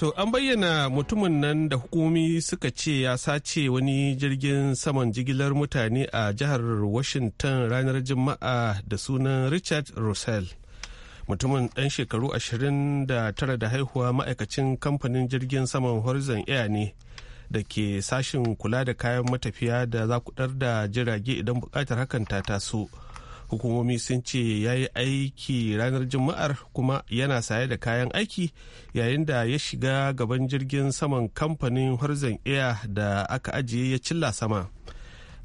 To an bayyana mutumin nan da hukumi suka ce ya sace wani jirgin saman jigilar mutane a jihar Washington ranar Juma'a da sunan Richard Russell. Mutumin ɗan shekaru 29 da haihuwa ma'aikacin kamfanin jirgin saman Horizon Air ne da ke sashin kula da kayan matafiya da zakudar da jirage idan bukatar hakan ta taso. hukumomi sun ce ya yi aiki ranar juma'ar kuma yana saye da kayan aiki yayin da ya shiga gaban jirgin saman kamfanin horizon air da aka ajiye ya cilla sama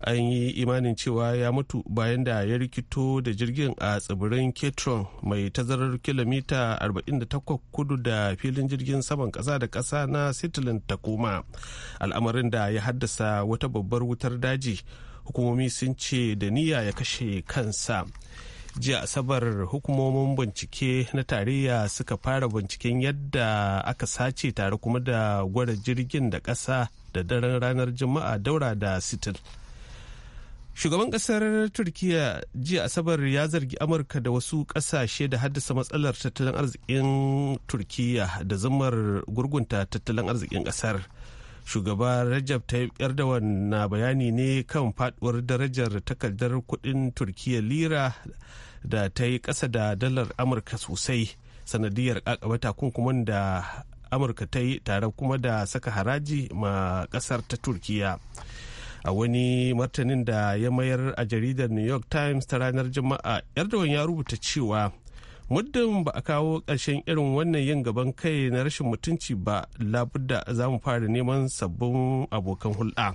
an yi imanin cewa ya mutu bayan da ya rikito da jirgin a tsibirin ketron mai tazarar kilomita 48 kudu da filin jirgin saman kasa da kasa na sitilin takoma al'amarin da ya haddasa wata babbar wutar daji hukumomi sun ce da niyya ya kashe kansa jiya asabar hukumomin bincike na tarayya suka fara binciken yadda aka sace tare kuma da gwada jirgin da ƙasa da daren ranar juma'a daura da sitir shugaban kasar turkiya jiya asabar ya zargi amurka da wasu kasashe da haddasa matsalar tattalin arzikin turkiya da zumar gurgunta tattalin arzikin kasar shugaba rajab tayyip erdogan na bayani ne kan faduwar darajar takardar kudin turkiyya lira da ta yi kasa da dalar amurka sosai sanadiyar kakaba takunkuman da amurka ta yi tare kuma da saka haraji ma kasar ta turkiyya a wani martanin da ya mayar a jaridar new york times ta ranar juma'a erdogan ya rubuta cewa muddin ba a kawo ƙarshen irin wannan yin gaban kai na rashin mutunci ba labudda za mu fara neman sabbin abokan hulɗa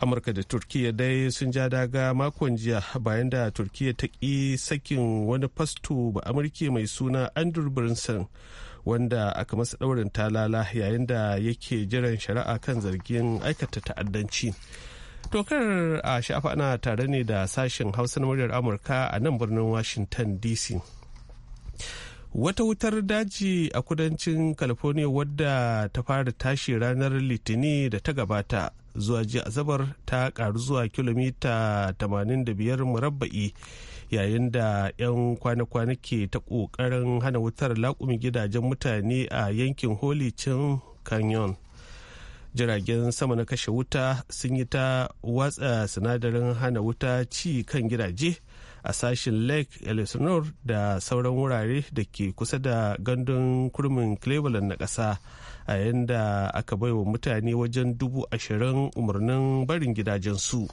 amurka da turkiya dai sun ja daga makon jiya bayan da turkiya ta ƙi sakin wani fasto ba amurke mai suna andrew brinson wanda aka masa ɗaurin talala yayin da yake jiran shari'a kan zargin aikata ta'addanci Tokar a sha'afa ana tare ne da sashen Hausa na muryar Amurka a nan birnin Washington DC. wata wutar daji a kudancin california wadda ta fara tashi ranar litini da ta gabata zuwa jiya asabar ta karu zuwa kilomita 85 murabba'i yayin da 'yan kwana-kwana ke ta kokarin hana wutar laƙumi gidajen mutane a yankin holy chin canyon jiragen sama na kashe wuta sun yi ta watsa sinadarin hana wuta ci kan gidaje a sashen lake elsinore da sauran wurare da ke kusa da gandun kurmin cleveland na ƙasa a yadda aka baiwa mutane wajen dubu ashirin umarnin barin gidajensu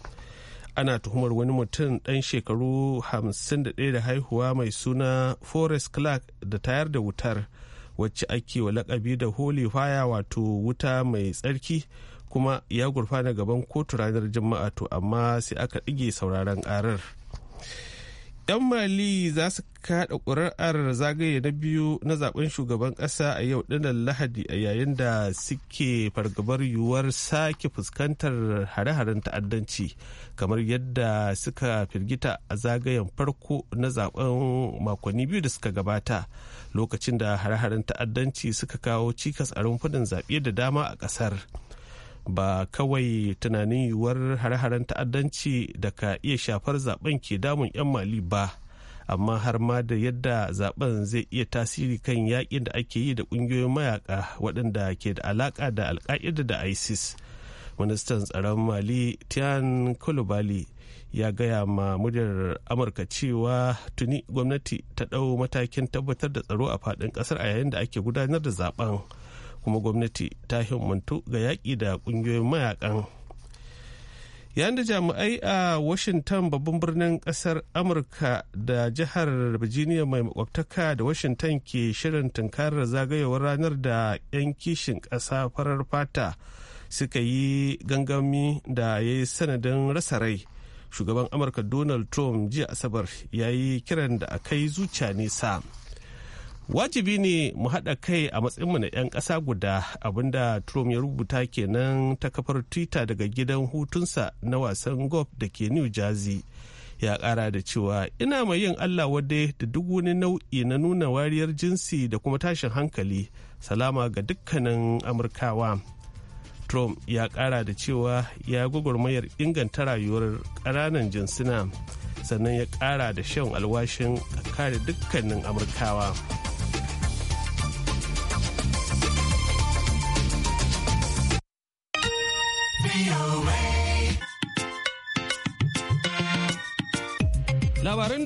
ana tuhumar wani mutum ɗan shekaru 51 da haihuwa mai suna forest clark da tayar da wutar wacce ake wa lakabi da holy fire wato wuta mai tsarki kuma ya gurfana gaban kotu ranar jima'a to amma sai aka ɗige sauraron ƙarar 'yan mali za su kada ƙuri'ar zagaye na biyu na zaben shugaban ƙasa a yau dinar lahadi a yayin da suke fargabar yiwuwar sake fuskantar hare-haren ta'addanci kamar yadda suka firgita a zagayen farko na zaben makonni biyu da suka gabata lokacin da hare-haren ta'addanci suka kawo cikas a rumfunan zaɓe da dama a ƙasar. ba kawai tunanin yiwuwar hare-haren ta'addanci da ka iya shafar zaben ke damun 'yan mali ba amma har ma da yadda zaben zai iya tasiri kan yakin da ake yi da kungiyoyin mayaka waɗanda ke da alaka da alka'ida da isis ministan tsaron mali tian kulubali ya gaya ma muryar amurka cewa tuni gwamnati ta ɗau matakin tabbatar da tsaro a faɗin ƙasar a yayin da ake gudanar da zaben kuma gwamnati ta himmantu ga yaƙi da ƙungiyoyin mayakan yayin da jami'ai a washington babban birnin ƙasar amurka da jihar virginia mai makwabtaka da washington ke shirin tunkarar zagayowar ranar da 'yan kishin ƙasa farar fata suka yi gangami da ya yi sanadin rasa rai shugaban amurka donald trump jiya asabar ya yi kiran da a kai zuciya nesa. wajibi ne mu haɗa kai a matsayinmu na 'yan ƙasa guda abinda trump ya rubuta kenan ta kafar twitter daga gidan hutunsa na wasan golf da ke new jersey ya ƙara da cewa ina mai yin allah wadde da duk wani nau'i na nuna wariyar jinsi da kuma tashin hankali salama ga dukkanin amurkawa trump ya ƙara da cewa ya gwagwarmayar inganta rayuwar ƙananan jinsina sannan ya ƙara da shan alwashin kare dukkanin amurkawa.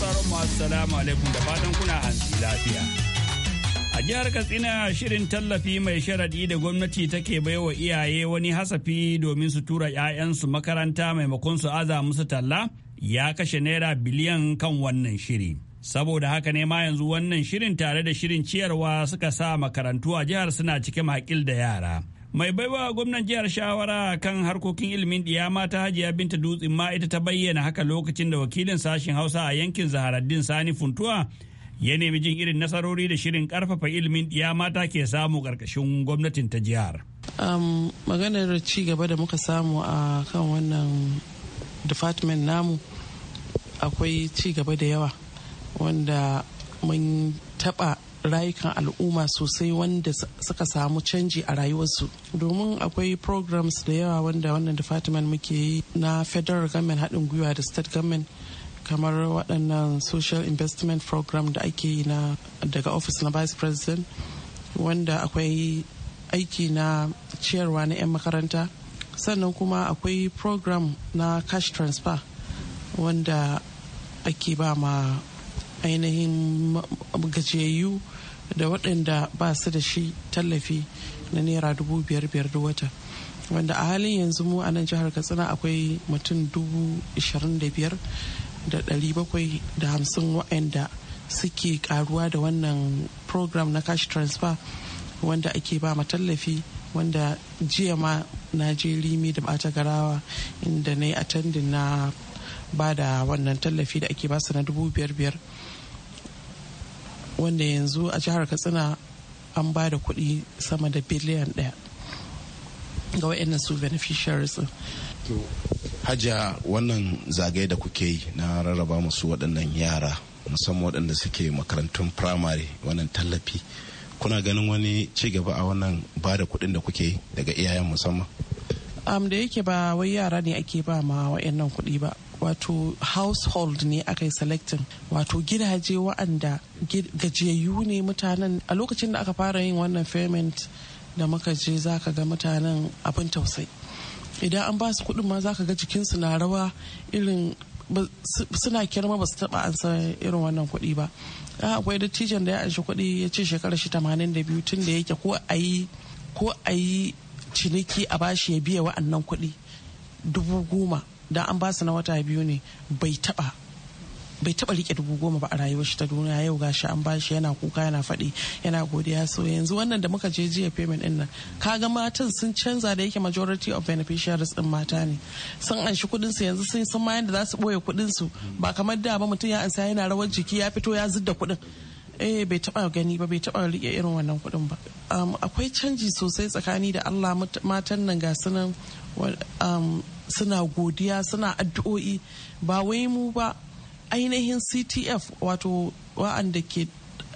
masu masu salamu alaikum da fatan kuna hanzu lafiya. A jihar Katsina shirin tallafi mai sharaɗi da gwamnati take baiwa iyaye wani hasafi domin su tura 'ya'yansu makaranta maimakon su aza musu talla ya kashe naira biliyan kan wannan shiri. Saboda haka ne ma yanzu wannan shirin tare da shirin ciyarwa suka sa makarantu a jihar suna cikin haƙil da yara. mai baiwa gwamnan jihar shawara kan harkokin ilimin ɗiyama ta hajiya binta dutsen ma ita ta bayyana haka lokacin da wakilin sashen hausa a yankin zaharaddin sani funtuwa ya nemi jin irin nasarori da shirin karfafa ilimin ɗiyama ta ke samu karkashin gwamnatin ta jihar maganar ci gaba da muka samu a kan wannan department namu akwai ci gaba da yawa wanda mun taɓa rayukan al'umma sosai wanda suka samu canji a rayuwarsu domin akwai programs da yawa wanda wannan department muke yi na federal government haɗin gwiwa da state government kamar waɗannan social investment program da ake yi na daga office na vice president wanda akwai aiki na ciyarwa na 'yan makaranta sannan kuma akwai program na cash transfer wanda ake ba ma ainihin gajiyayyu da waɗanda ba su da shi tallafi na naira dubu biyar biyar da wata wanda a halin yanzu mu a nan jihar katsina akwai mutum dubu ishirin da biyar da ɗari bakwai da hamsin waɗanda suke karuwa da wannan program na cash transfer wanda ake ba ma tallafi wanda jiya ma na je limi da bata garawa inda na yi attending na ba da wannan tallafi da ake basu na dubu biyar biyar wanda yanzu a jihar katsina an ba da kuɗi sama da biliyan ɗaya ga waɗannan su beneficiaries hajja wannan zagaye da kuke yi na rarraba musu waɗannan yara musamman waɗanda suke makarantun primary wannan tallafi kuna ganin wani ci gaba a wannan ba da kuɗin da kuke daga iyayen musamman um, da yake ba wai yara ne ake ba ma wa'annan kuɗi ba wato household ne aka yi selecting wato gidaje wa'anda gajiyayyu ne mutanen a lokacin da aka fara yin wannan payment da muka je za ka ga mutanen abin tausayi idan an ba su kuɗin ma za ka ga jikinsu na rawa irin suna kirma ba su taɓa ansa irin wannan kuɗi ba akwai dattijan da ya anshi kuɗi ya ce shekarar shi 82 tun da yake ko a ko a yi ciniki a bashi ya biya wa'annan kuɗi dubu goma da an ba su na wata biyu ne bai taba bai taba rike dubu goma ba a rayuwar shi ta duniya yau gashi an bashi yana kuka yana faɗi yana godiya so yanzu wannan da muka je jiya payment din nan kaga matan sun canza da yake majority of beneficiaries din mata ne sun anshi kudin su yanzu sun san ma yanda za su boye kudin su ba kamar da ba mutum ya ansa yana rawar jiki ya fito ya zidda kudin eh bai taba gani ba bai taba rike irin wannan kudin ba um, akwai canji sosai tsakani da Allah matan nan ga sunan um, suna godiya suna addu'o'i ba wai mu ba ainihin ctf wato wa'anda ke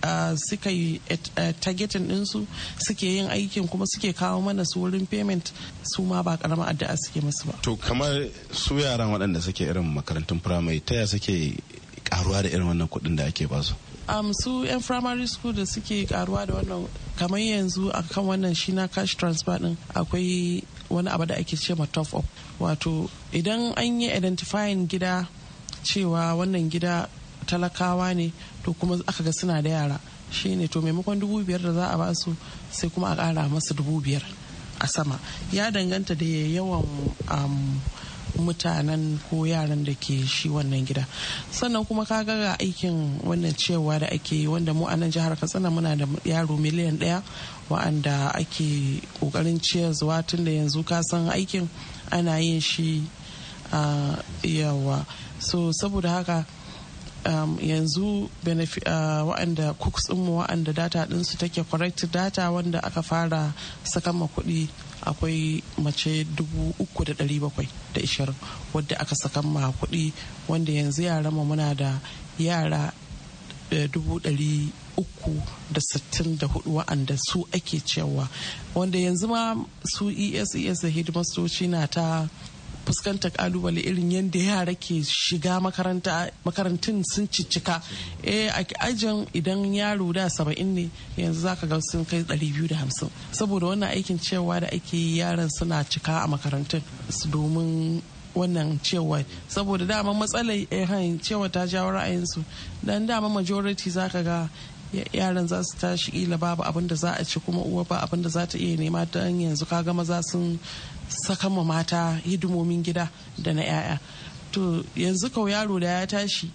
Uh, suka yi uh, targeting ɗinsu suke yin aikin kuma suke kawo mana su wurin payment su ma ba karama addu'a suke masu ba. To kamar su yaran waɗanda suke irin makarantun firamare ta ya suke karuwa da irin wannan kuɗin da ake basu? Um, su 'yan primary school da suke karuwa da wannan kamar yanzu akan wannan shi na cash transfer ɗin akwai wani abu da ake ce ma top up wato idan an yi identifying gida cewa wannan gida talakawa ne to kuma aka ga suna da yara shine to maimakon dubu biyar da za a basu sai kuma a kara masu dubu biyar a sama ya danganta da yawan um, mutanen ko yaran da ke shi wannan gida sannan kuma ka ga aikin wannan cewa da ake yi wanda mu a nan jihar katsina muna da yaro miliyan ɗaya wa'anda ake ƙoƙarin zuwa tun da yanzu ka san aikin ana yin shi a ah, yawa so saboda haka um, yanzu uh, waɗanda cooks mu waɗanda data ɗinsu take correct data wanda aka fara saka ma kuɗi akwai mace 3,720 wadda aka saka ma kuɗi wanda yanzu yara ma muna da yara da hudu wa'anda su ake cewa wanda yanzu ma su eses e da hidimastoci na ta fuskantar kalubale irin yadda yara ke shiga makaranta makarantun sun ciccika eh a ajin idan yaro da saba'in ne yanzu zaka ga sun kai ɗari biyu da hamsin saboda wannan aikin cewa da ake yi yaran suna cika a makarantun domin wannan cewa saboda dama matsalar eh, cewa ta jawo ra'ayinsu dan dama majority zaka ga yaran za su tashi kila babu abin da za a ci kuma uwa ba abin da za ta iya nema ta yanzu kaga maza sun Sakan ma mata hidimomin gida da na 'ya'ya to yanzu kau yaro da ya tashi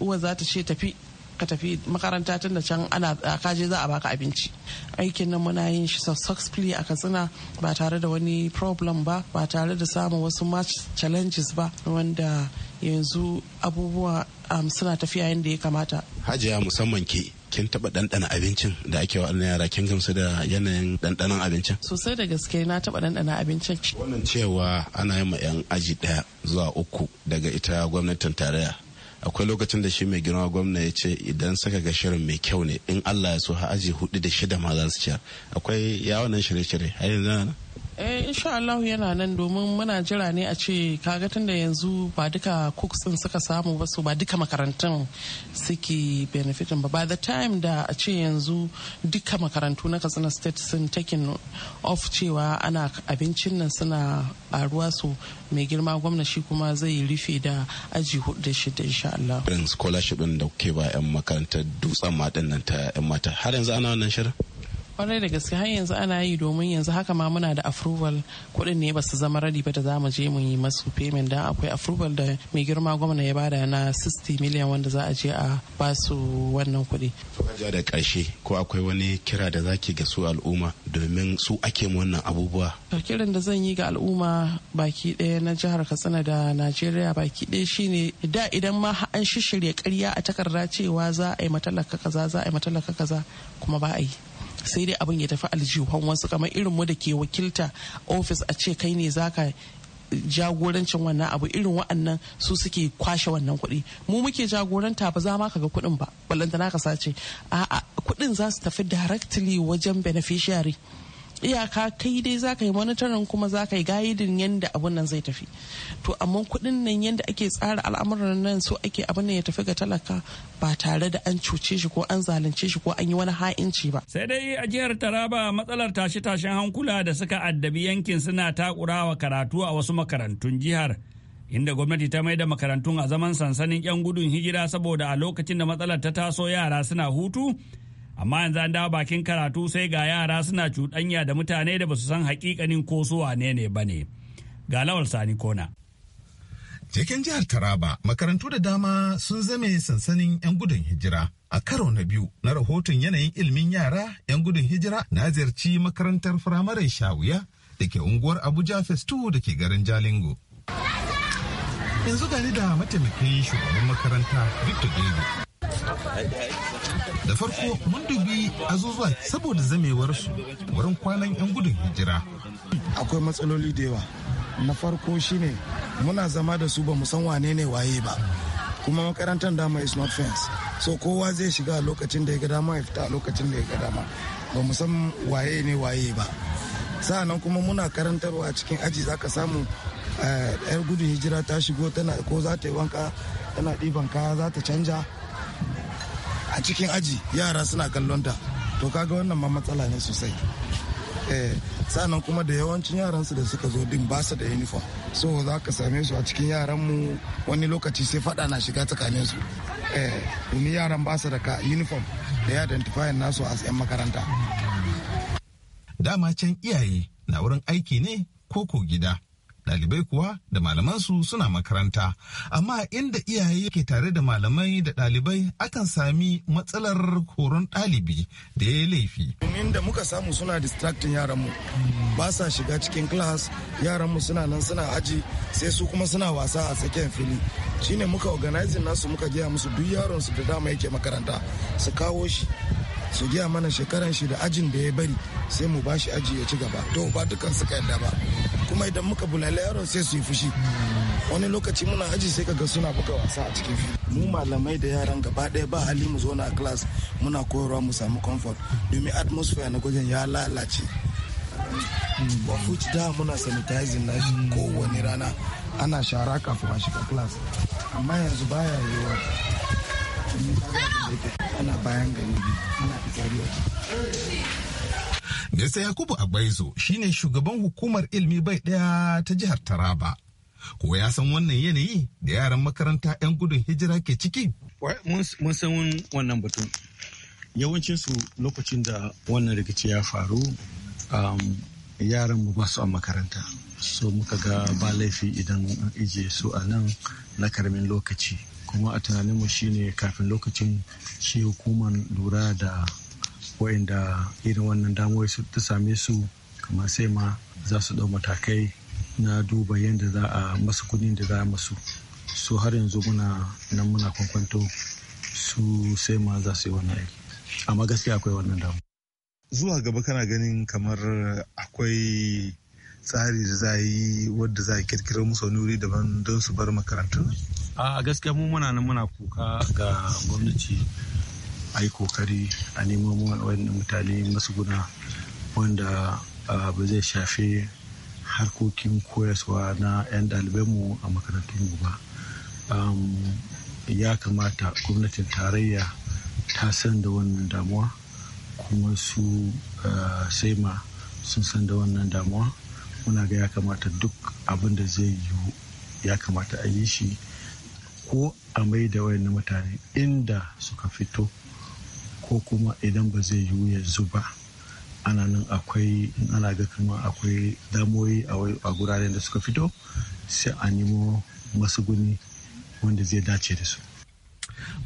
uwa za ta ce tafi ka tafi makaranta tun da can ana kaje za a baka abinci aikin nan muna yin shi successfully a katsina ba tare da wani problem ba ba tare da samun wasu match challenges ba wanda yanzu abubuwa um, suna tafiya yadda ya kamata hajiya musamman ke kin taba dandana abincin da ake wa yara kin gamsu da yanayin ɗanɗanon abincin sosai da gaske na taba dandana abincin wannan cewa ana yi ma yan aji daya zuwa uku daga ita gwamnatin tarayya akwai lokacin da shi mai girma gwamna ya ce idan saka ga shirin mai kyau ne in allah ya so ha aji hudu da shida ma za su ciyar akwai ya wannan shirye-shirye har yanzu eh insha Allah yana nan domin muna jira ne a ce kaga tunda yanzu ba duka cooks din suka samu ba su ba duka makarantun suke benefitin ba by the time da a ce yanzu duka makarantu na Katsina state sun taking off cewa ana abincin nan suna aruwa su mai girma gwamna shi kuma zai rufe da aji hudu da shida insha Allah scholarship din da kuke ba yan makarantar dutsen ma nan ta yan mata har yanzu ana wannan shirin kwarai da gaske har yanzu ana yi domin yanzu haka ma muna da approval kuɗin ne ba su zama radi ba da za mu je mu yi masu payment don akwai approval da mai girma gwamna ya bada na 60 miliyan wanda za a je a ba su wannan kuɗi. ja da ƙarshe ko akwai wani kira da zaki ga su al'umma domin su ake wannan abubuwa. kiran da zan yi ga al'umma baki ɗaya na jihar katsina da najeriya baki ɗaya shine da idan ma an shishirya karya a takarda cewa za a yi matalaka kaza za a yi matalaka kaza kuma ba a yi. sai dai abin ya tafi aljihun wasu kamar irin mu da ke wakilta ofis a ce kai ne zaka jagorancin wannan abu irin wa'annan su suke kwashe wannan kuɗi mu muke jagoranta ba za ma kaga kuɗin ba ballantana ka sace a'a kuɗin za su tafi directly wajen beneficiary iyaka kai dai za ka yi monitorin kuma za ka yi gaidin yadda abun nan zai tafi to amma kuɗin nan yadda ake tsara al'amuran nan so ake abin nan ya tafi ga talaka ba tare da an cuce shi ko an zalunce shi ko an yi wani ha'inci ba sai dai a jihar taraba matsalar tashe-tashen hankula da suka addabi yankin suna takura wa karatu a wasu makarantun jihar inda gwamnati ta mai da makarantun a zaman sansanin 'yan gudun hijira saboda a lokacin da matsalar ta taso yara suna hutu amma yanzu an dawo bakin karatu sai ga yara suna cuɗanya da mutane da ba su san hakikanin ko su wane ne ba ne ga lawal sani kona Cikin jihar Taraba, makarantu da dama sun zame sansanin 'yan gudun hijira. A karo na biyu na rahoton yanayin ilimin yara 'yan gudun hijira na ziyarci makarantar firamare Shawiya da ke unguwar Abuja Festu da ke garin Jalingo. Yanzu gani da mataimakin shugaban makaranta Victor David. da farko mun dubi azuzuwa saboda zamewarsu wurin kwanan 'yan gudun hijira akwai matsaloli da yawa na farko shine muna zama da su ba san wane ne waye ba kuma makarantar dama is not fence so kowa zai shiga lokacin da ya ga dama ya fita lokacin da ya ga dama ba mu san waye ne waye ba sa'annan kuma muna karantarwa a cikin aji zaka samu eh, yar gudun hijira ta shigo tana ko za ta yi wanka tana ɗiban kaya za ta canja a cikin aji yara suna kallon ta to kaga wannan ma matsala ne sosai eh sannan kuma da yawancin yaransu da suka zo din ba su da uniform so za ka same su a cikin yaran mu wani lokaci sai fada na shiga tsakanin su eh domin yaran ba su da ka uniform da ya identify nasu a 'yan makaranta dama can iyaye na wurin aiki ne ko ko gida dalibai kuwa da su suna makaranta amma inda iyaye ke tare da malamai da dalibai akan sami matsalar horon dalibi da ya laifi. domin da muka samu suna distracting yaranmu ba sa shiga cikin class yaranmu suna nan suna aji sai su kuma suna wasa a tsakiyar fili shine muka organizing nasu muka gaya musu duk yaron su da dama yake makaranta su kawo shi su giya mana shekaran shi da ajin da ya bari sai mu bashi aji ya ci gaba to ba dukan suka yadda ba kuma idan muka bulale yaron sai su yi fushi wani lokaci muna aji sai kaga suna buga wasa a cikin fili mu malamai da yaran gaba ɗaya ba hali mu zauna a class muna koyarwa mu samu comfort domin atmosphere na gwajin ya lalace Ba fuci da muna sanitizing na shi kowane rana ana shara kafin a shiga class amma yanzu baya yiwuwa ana bayan gari ana fitari a Mista Yakubu Agbaizo shine shugaban hukumar ilmi bai daya ta jihar Taraba. Ko ya san wannan yanayi da yaran makaranta 'yan gudun hijira ke ciki? Mun san wannan batun. Yawancinsu lokacin da wannan rikici ya faru, yaran mu ba su a makaranta. So muka ga ba laifi idan an ije su a nan na karamin lokaci. Kuma a tunaninmu shine kafin lokacin shi hukumar lura da wa'inda irin wannan damuwa su ta same su kamar sai ma za su ɗau matakai na duba yadda za a masu kudin da za a masu su har yanzu muna nan muna kwankwanto su sai ma za su yi wannan aiki amma gaskiya akwai wannan damu zuwa gaba kana ganin kamar akwai tsari da za a yi wadda za a kirkira musu wani wuri daban don su bar makarantu a gaskiya mu muna nan muna kuka ga gwamnati a yi kokari a nemo wani mutane masu guna wanda ah, ba zai shafe harkokin koyaswa na 'yan ɗalibanmu a makarantun mu ba ya kamata gwamnatin tarayya ta san da wannan damuwa kuma su ah, saima sun san da wannan damuwa muna ga ya kamata duk abin da zai yiwu ya kamata a yi shi ko a mai da wayan mutane inda suka fito ko kuma idan ba zai yiwu yanzu ba ana nan akwai ana ga kuma akwai damoyi a guraren da suka fito sai a nemo masu guni wanda zai dace da su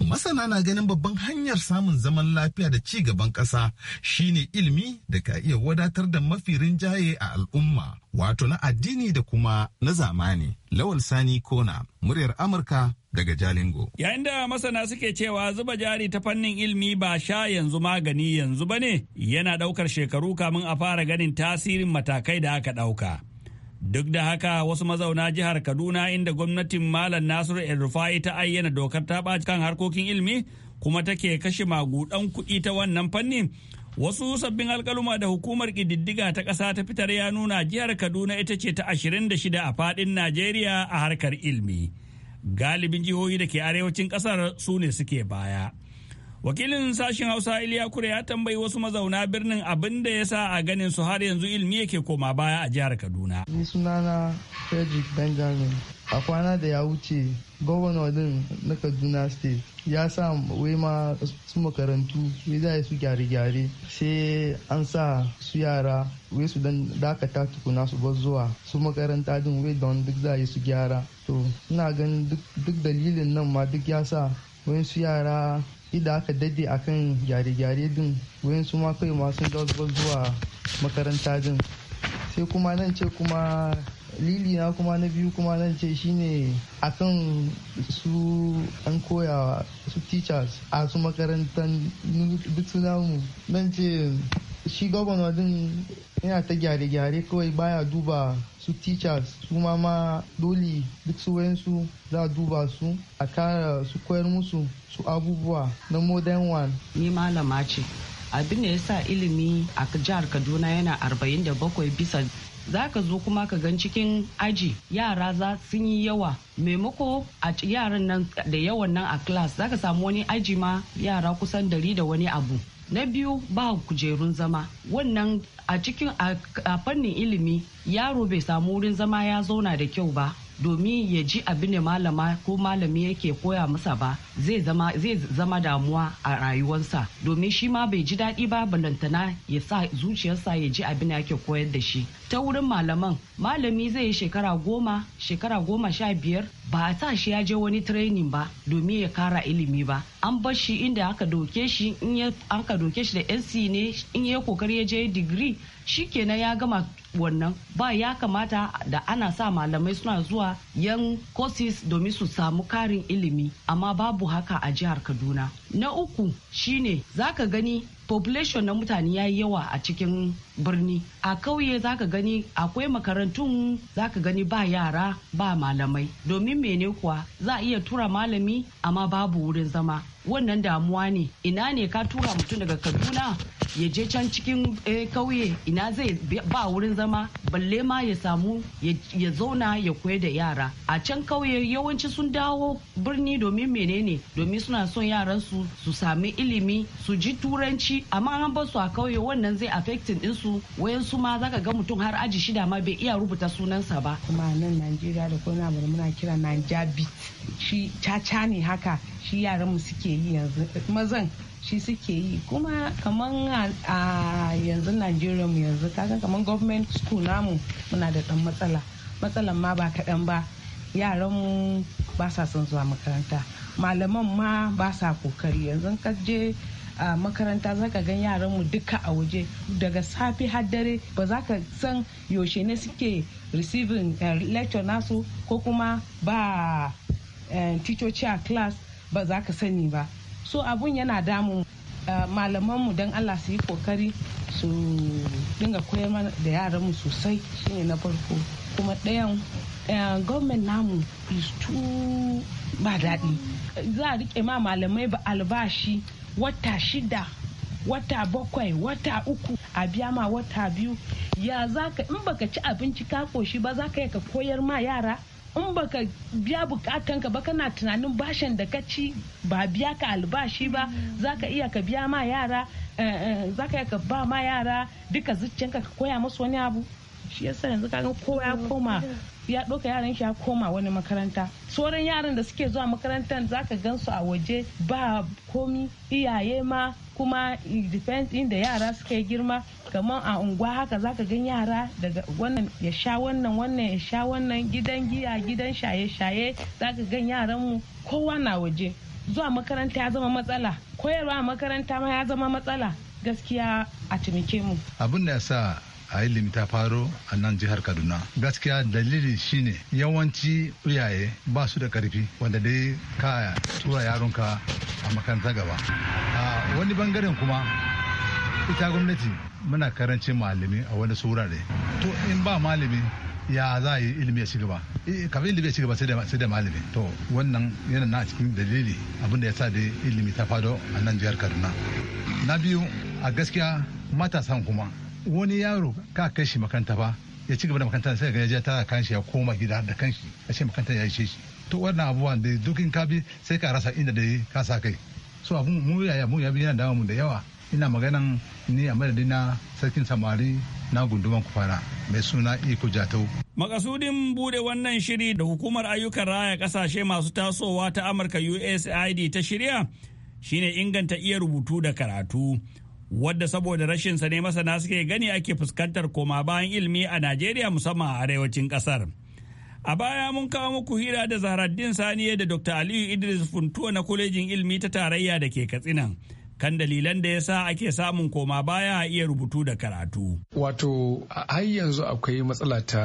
masana na ganin babban hanyar samun zaman lafiya da ci gaban ƙasa shine ilimi da ka iya wadatar da mafi rinjaye a al'umma wato na addini da kuma na zamani lawal sani kona muryar amurka daga Jalingo. Yayin da masana suke cewa zuba jari ta fannin ilmi ba sha yanzu magani yanzu ba ne yana ɗaukar shekaru kamun a fara ganin tasirin matakai da aka ɗauka. Duk da haka wasu mazauna jihar Kaduna inda gwamnatin Malam Nasiru El-Rufai ta ayyana dokar ta ɓaci kan harkokin ilmi kuma take kashe magudan kuɗi ta wannan fannin wasu sabbin alkaluma da hukumar ƙididdiga ta ƙasa ta fitar ya nuna jihar Kaduna ita ce ta 26 a faɗin Najeriya a harkar ilmi. galibin jihohi da ke arewacin kasar su ne suke baya wakilin sashen hausa iliya kure ya tambayi wasu mazauna birnin abin da ya sa a ganin su har yanzu ilmi yake koma baya a jihar kaduna ni sunana frederick benjamin a kwana da ya wuce gwamna din na kaduna state ya sa wai ma su makarantu wai za su gyare-gyare sai an sa su yara wai su dan dakata tukuna su bar zuwa su makaranta din wai don duk za su gyara to ina ganin duk dalilin nan ma duk ya sa wai su yara idan aka dade akan gyare-gyare din wai su ma kai ma sun zuwa makaranta din sai kuma nan ce kuma dalili na kuma na biyu kuma nan ce shine akan su an koya su teachers a su makarantar duk namu nan ce shi gwamna din yana ta gyare-gyare kawai baya duba su teachers su ma dole duk su wayansu za a duba su a kara su koyar musu su abubuwa na modern one ni malama ce abin da ya sa ilimi a jihar kaduna yana 47 bisa za ka zo kuma ka gan cikin aji yara za sun yi yawa maimako a yaran nan da yawan nan a class za ka samu wani aji ma yara kusan dari da wani abu na biyu ba kujerun zama wannan a cikin a fannin ilimi yaro bai samu wurin zama ya zauna da kyau ba domin ya ji abin da malama ko malami yake koya masa ba zai zama zai zama damuwa a rayuwarsa domin shi ma bai ji daɗi ba balantana ya sa zuciyarsa ya ji abin da ake koyar da shi ta wurin malaman malami zai yi shekara goma shekara goma sha biyar ba a sa shi ya je wani training ba domin ya kara ilimi ba an bar shi inda aka doke shi in an ka doke shi da nc ne in ya kokari ya je digiri shikenan ya gama wannan ba ya kamata da ana sa malamai suna zuwa yan courses domin su samu karin ilimi amma babu haka a jihar kaduna na uku shine zaka gani population na mutane ya yi yawa a cikin birni a kauye zaka gani akwai makarantun zaka gani ba yara ba malamai domin mene kuwa za a iya tura malami amma babu wurin zama wannan damuwa ne ina ne ka tura mutum daga kaduna ya je can cikin eh, kauye ina zai ba wurin zama balle ma ya samu ya zauna ya koya da yara a can kauye yawanci sun dawo birni domin menene domin suna son yaran su su sami ilimi su ji turanci amma an ba a kauye wannan zai affecting din su wayan su ma zaka ga mutum har aji shida ma bai iya rubuta sunansa ba kuma nan Najeriya da kuma muna kira Najabit shi caca ne haka shi yaran mu suke yi yanzu kuma zan. shi suke yi kuma kaman a yanzu najeriya mu yanzu kaga kaman government school namu muna da dan matsala matsalan ma ba kaɗan ba yaran mu ba sa son zuwa makaranta malaman ma ba sa kokari yanzu ka je a makaranta zaka gan yaran mu duka a waje daga safi har dare ba za ka san yaushe ne suke receiving eh, lecture nasu ko kuma ba eh, ticcoci a class ba za ka sani ba so abun yana damu eh, malamanmu don allah su yi kokari su dinga koyar da yaranmu sosai shine na farko kuma ɗayan eh, gwamnan namu is too ba daɗi za a rike ma malamai ba albashi wata shida wata bakwai wata uku a biya ma wata biyu ya zaka in baka ci abinci ka koshi ba za ka ka koyar ma yara in baka biya bukatan ka ba kana tunanin bashin da ka ci ba biya ka albashi ba zaka iya ka biya ma yara eh, eh, zaka iya ka ba ma yara duka zuciyanka ka koya musu wani abu shi yasa yanzu kaga kowa ya koma ya doka yaran shi ya koma wani makaranta sauran yaran da suke zuwa makarantar zaka gansu a waje ba komi iyaye ma kuma defense inda yara suka yi girma kamar a unguwa haka zaka gan yara daga wannan ya sha wannan wannan ya sha wannan gidan giya gidan shaye-shaye zaka gan yaran mu kowa na waje zuwa makaranta ya zama matsala koyarwa makaranta ma ya zama matsala gaskiya a taimake mu abin da sa a yi ta faro a nan jihar kaduna gaskiya dalili shine yawanci iyaye ba su da karfi wanda dai ka tura ka a makaranta gaba a wani bangaren kuma ita gwamnati muna karanci malami a wani wurare to in ba malami ya za a yi ilimi ya ci gaba eh, kafin ilimi ya ci gaba sai da malami to wannan yana na cikin dalili abinda ya sa da ilimi ta fado a nan jihar kaduna na biyu a gaskiya matasan kuma wani yaro ka kai shi makaranta ba ya ci gaba da makaranta sai ga ya tara kanshi ya koma gida da kanshi a ce makaranta ya ishe shi to wannan abubuwan da dukin bi sai ka rasa inda da ka sa kai so abun mu yaya mu ya yana mu da yawa ina maganan ni a madadin na sarkin samari na gunduman kufara mai suna iko jatau. makasudin bude wannan shiri da hukumar ayyukan raya kasashe masu tasowa ta amurka usaid ta shirya shine inganta iya rubutu da karatu wadda saboda rashin sa ne masana suke gani ake fuskantar koma bayan ilimi a Najeriya musamman a arewacin ƙasar. A baya mun kawo muku hira da Zahraddin Saniye da Dr. Aliyu Idris Funtuwa na Kwalejin Ilimi ta Tarayya da ke Katsinan. kan dalilan da ya sa ake samun koma baya a iya rubutu da karatu. Wato har yanzu akwai matsala ta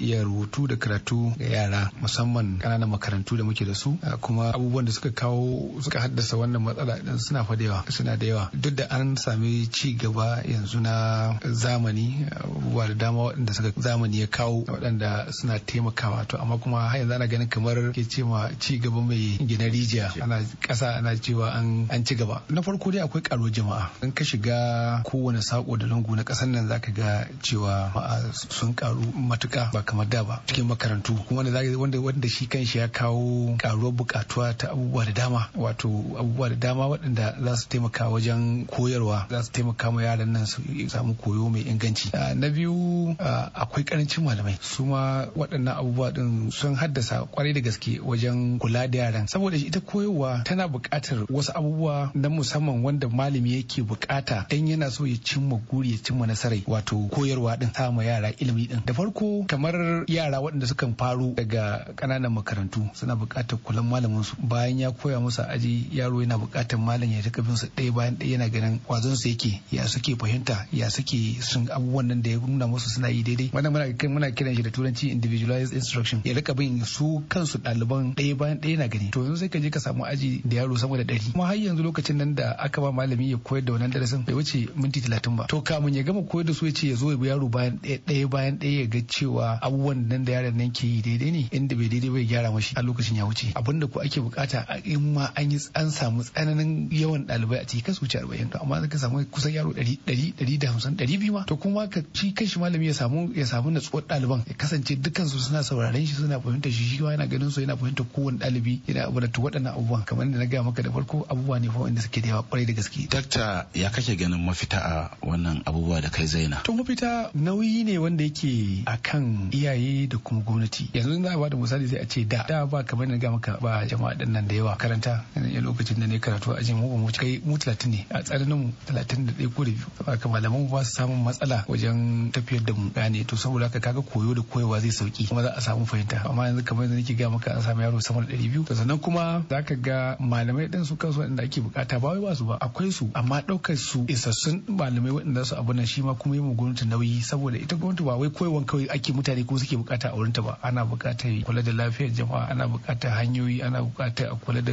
iya rubutu da karatu ga yara musamman ƙananan makarantu da muke da su kuma abubuwan da suka kawo suka haddasa wannan matsala din suna fadewa suna da yawa duk da an sami ci gaba yanzu na zamani abubuwa da dama waɗanda suka zamani ya kawo waɗanda suna taimakawa to amma kuma har yanzu ana ganin kamar ke ce ci gaba mai gina rijiya ana ƙasa ana cewa an ci gaba na farko farko dai akwai karuwar jama'a in ka shiga kowane sako da lungu na kasar nan zaka ga cewa sun karu matuka ba kamar da ba cikin makarantu kuma wanda wanda shi kanshi ya kawo karuwar bukatuwa ta abubuwa da dama wato abubuwa da dama waɗanda za su taimaka wajen koyarwa za su taimaka ma yaran nan su samu koyo mai inganci ah, na biyu ah, akwai karancin malamai su ma waɗannan abubuwa din sun haddasa kwarai da gaske wajen kula da yaran saboda ita koyarwa tana buƙatar wasu abubuwa na musamman musamman wanda malami yake bukata dan yana so ya cimma guri ya cimma nasarai wato koyarwa din sama yara ilimi din da farko kamar yara waɗanda sukan faru daga ƙananan makarantu suna bukatar kulan malamin su bayan ya koya musu aji yaro yana bukatar malam ya rika su ɗaya bayan ɗaya yana ganin kwazon su yake ya suke fahimta ya suke sun abubuwan nan da ya nuna musu suna yi daidai wannan muna kiran shi da turanci individualized instruction ya rika bin su kansu ɗaliban ɗaya bayan ɗaya na gani to yanzu sai ka je ka samu aji da yaro sama da ɗari kuma har yanzu lokacin nan da aka ba malami ya koyar da wannan darasin bai wuce minti talatin ba to kamun ya gama koyar da su ya ya zo ya bi yaro bayan ɗaya bayan ɗaya ya ga cewa abubuwan nan da yaron nan ke yi daidai ne inda bai daidai bai gyara mashi a lokacin ya wuce abin da ku ake bukata in ma an yi an samu tsananin yawan ɗalibai a ciki kasu wuce arba'in amma ka samu kusan yaro ɗari ɗari ɗari da hamsin ɗari biyu ma to kuma ka shi kanshi malami ya samu ya samu natsuwar ɗaliban ya kasance dukkan su suna sauraren shi suna fahimtar shi shi ma yana ganin su yana fahimtar kowane ɗalibi yana abu da to waɗannan abubuwan kamar yadda na gaya maka da farko abubuwa ne fa wanda suke da yawa kwarai da gaske dakta ya kake ganin mafita a wannan abubuwa da kai zaina to mafita nauyi ne wanda yake kan iyaye da kuma gwamnati yanzu za a bada misali sai a ce da da ba kamar na ga maka ba jama'a din nan da yawa karanta a lokacin da ne karatu a jin mu kai mu 30 ne a tsananin mu 31 ko da biyu haka malaman ba su samun matsala wajen tafiyar da mu gane to saboda haka kaga koyo da koyewa zai sauki kuma za a samu fahimta amma yanzu kamar yanzu nake ga maka an samu yaro sama da 200 to sannan kuma zaka ga malamai din su kansu da ake bukata ba wai ba su ba akwai su amma daukar su isassun malamai waɗanda su abu nan shi ma kuma yi mu gwamnati nauyi saboda ita gwamnati ba wai koyawan kawai ake mutane kuma suke bukata a wurinta ba ana bukatar kula da lafiyar jama'a ana bukatar hanyoyi ana bukatar a kula da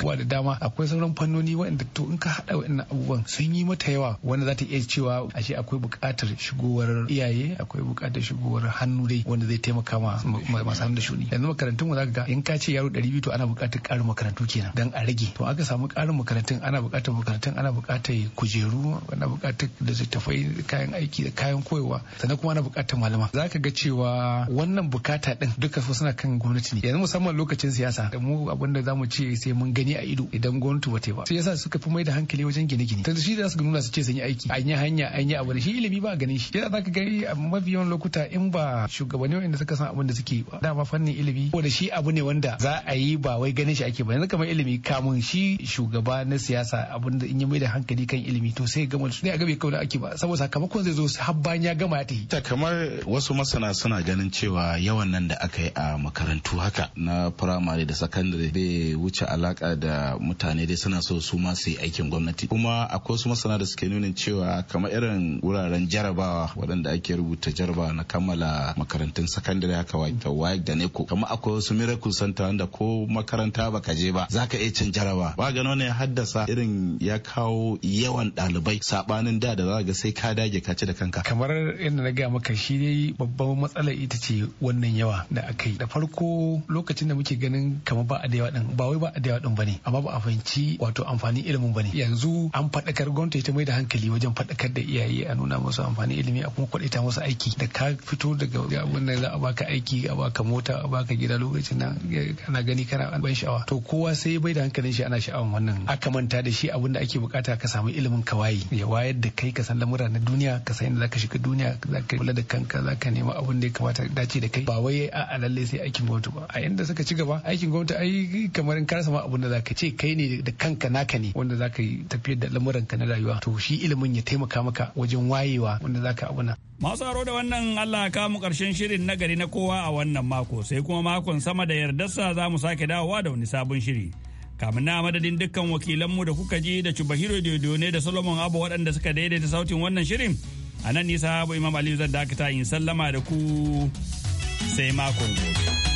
kowa da dama akwai sauran fannoni waɗanda to in ka haɗa waɗannan abubuwan sun yi mata yawa wanda za ta iya cewa ashe akwai bukatar shigowar iyaye akwai bukatar shigowar hannu dai wanda zai taimaka ma masu hannu da shuni yanzu makarantun mu za ka ga in ka ce yaro ɗari biyu to ana bukatar ƙarin makarantu kenan dan a rage to aka samu ƙarin makarantun ana bukatar bukatar bukatun ana bukatar kujeru ana bukatar da tafai kayan aiki da kayan koyewa sannan kuma ana bukatar malama za ka ga cewa wannan bukata din duka su suna kan gwamnati ne yanzu musamman lokacin siyasa da mu abin da zamu ce sai mun gani a ido idan gwamnati ba ta ba sai yasa suka fi mai da hankali wajen gine-gine ta shi da su nuna su ce sun yi aiki an yi hanya an yi abu da shi ilimi ba ganin shi yasa ka gani a mafi yawan lokuta in ba shugabanni wanda suka san abin da suke ba dama fannin ilimi ko da shi abu ne wanda za a yi ba wai ganin shi ake ba yanzu kamar ilimi kamun shi shugaba na siyasa abin da in yi mai da hankali kan ilimi to sai gama su ne a gabe kawai ake ba saboda sakamakon zai zo har bayan ya gama ta ta kamar wasu masana suna ganin cewa yawan nan da aka yi a makarantu haka na firamare da sakandare bai wuce alaka da mutane dai suna so su ma su yi aikin gwamnati kuma akwai wasu masana da suke nunin cewa kamar irin wuraren jarabawa waɗanda ake rubuta jaraba na kammala makarantun sakandare haka wato wayek da neko kamar akwai wasu miracle center wanda ko makaranta baka je ba zaka iya cin jarabawa ba gano ne haddasa irin ya kawo yawan ɗalibai sabanin da da za ga sai ka dage ka ci da kanka kamar yadda na gaya maka shi dai babban matsala ita ce wannan yawa da aka yi da farko lokacin da muke ganin kamar ba a da din ba wai ba a da yawa din bane amma ba a fahimci wato amfanin ilimin bane yanzu an faɗakar gwamnati ta mai da hankali wajen faɗakar da iyaye a nuna musu amfanin ilimi a kuma a musu aiki da ka fito daga wannan za a baka aiki a baka mota a baka gida lokacin nan kana eh, gani kana ban sha'awa to kowa sai bai da hankalin shi ana sha'awan wannan aka manta da shi shi abin da ake bukata ka samu ilimin waye ya wayar da kai ka san lamura na duniya ka san yadda zaka shiga duniya zaka kula da kanka zaka nema abin da ya kamata dace da kai ba wai a lalle sai aikin gwamnati ba a inda suka ci gaba aikin gwamnati ai kamar in ka rasa ma abin da zaka ce kai ne da kanka naka ne wanda zaka yi tafiyar da ka na rayuwa to shi ilimin ya taimaka maka wajen wayewa wanda zaka abuna masu aro da wannan Allah ka mu karshen shirin gari na kowa a wannan mako sai kuma makon sama da yardarsa za mu sake dawowa da wani sabon shiri kamun na madadin dukkan wakilanmu da kuka ji da Chubahiro ne da Solomon Abu waɗanda suka daidaita sautin wannan shirin a nan nisa Abu Imam Aliyu zan dakata in sallama da ku sai makon gobe.